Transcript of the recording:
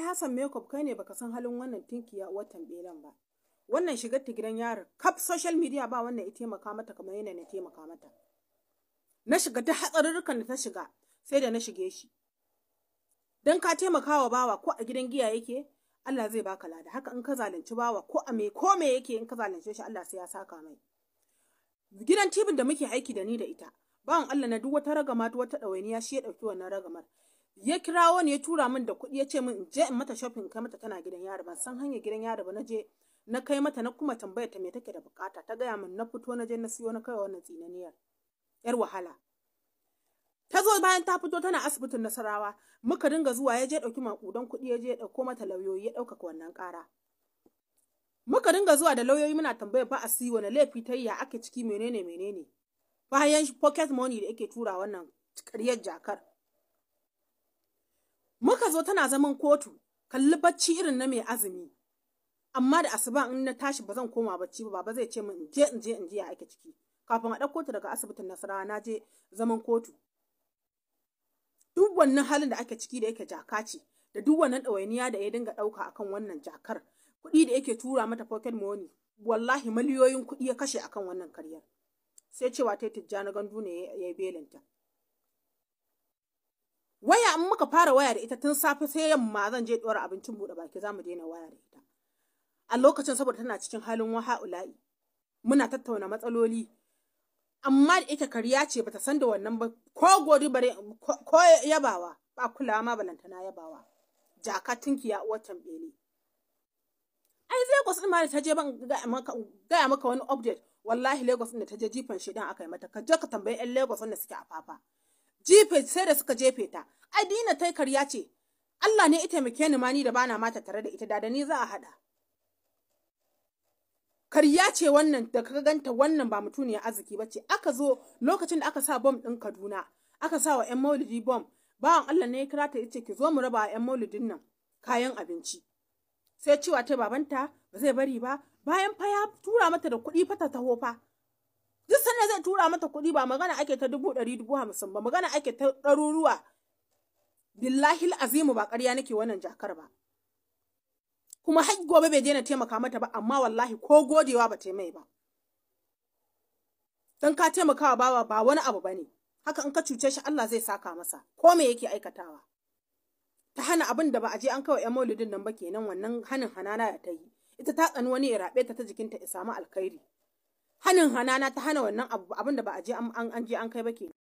kai Hassan Makeup kai ne baka san halin wannan ya watan belan ba. Wannan shigar ta gidan yaron kaf social media ba wannan ya taimaka mata kamar yana ne taimaka mata. Na shiga ta hatsarurrukan da ta shiga sai da na shige shi. Dan ka taimaka wa bawa ko a gidan giya yake Allah zai baka lada haka in ka zalunci bawa ko a me ko me yake in ka zalunce shi Allah sai ya saka mai. Gidan tibin da muke aiki da ni da ita bawan Allah na duk wata ragama duk wata ɗawainiya shi ya ɗauki wannan ragamar ya kira wani ya tura min da kuɗi ya ce min in je in mata shopping kai mata tana gidan yari ban san hanyar gidan yari ba na je na kai mata na kuma tambaya ta me take da bukata ta gaya min na fito na je na siyo na kai wannan tsinaniyar yar wahala ta zo bayan ta fito tana asibitin nasarawa muka dinga zuwa ya je ɗauki makudan kuɗi ya je dauko ɗauko mata lauyoyi ya ɗaukaka wannan ƙara muka dinga zuwa da lauyoyi muna tambaya ba a siyo wani laifi ta yi ya ake ciki menene menene bayan pocket money da yake tura wannan karyar jakar Muka zo tana zaman kotu, kalli bacci irin na mai azumi. Amma da asuba in na tashi ba zan koma bacci ba, baba zai ce min in je in je in je ya ake ciki. Kafin a ɗauko ta daga asibitin Nasarawa na je zaman kotu. Duk wannan halin da ake ciki da yake jaka ce, da duk wannan ɗawainiya da ya dinga ɗauka akan wannan jakar, kuɗi da yake tura mata pocket money, wallahi miliyoyin kuɗi ya kashe akan wannan karyar. Sai cewa ta tijjani gandu ne ya yi belinta. waya in muka fara waya da ita tun safe sai yamma zan je ɗora abincin buɗe baki za mu daina waya da ita a lokacin saboda tana cikin halin waha'ula'i muna tattauna matsaloli amma da ita karya ce bata san da wannan ba ko gori bare ko yabawa ba kulawa ma balantana yabawa jaka ya uwar tambeli ai zai din ma da ta je ban gaya maka wani update wallahi Lagos din da ta je jifan shi dan aka yi mata ka je ka tambayi 'yan Lagos wanda suke a fafa jefe sai da suka jefe ta ai dina tai karya ce Allah ne ita taimake ni da bana mata tare da ita da da ni za a haɗa. Karya ce wannan da ka ganta wannan ba mutuniyar arziki ba ce aka zo lokacin da aka sa bom ɗin Kaduna aka sa wa 'yan maulidi bom bawan Allah ne ya kira ta yace ki zo mu raba wa 'yan maulidin nan kayan abinci. Sai cewa ta babanta ba zai bari ba bayan fa ya tura mata da kuɗi fata taho fa zan tura mata kuɗi ba magana ake ta dubu ɗari dubu hamsin ba magana ake ta ɗaruruwa billahi azimu ba ƙarya nake wannan jakar ba kuma har gobe bai daina taimaka mata ba amma wallahi ko godewa ba ta mai ba don ka taimakawa bawa ba wani abu ba ne haka in ka cuce shi Allah zai saka masa ko me yake aikatawa ta hana abin da ba a je an kawai yan maulidin nan ba kenan wannan hanin hanana da ta yi ita ta tsani wani ya raɓe ta ta jikinta ya samu alkhairi hanin hana na ta hana wannan abu abin da ba a je an je an kai ba ke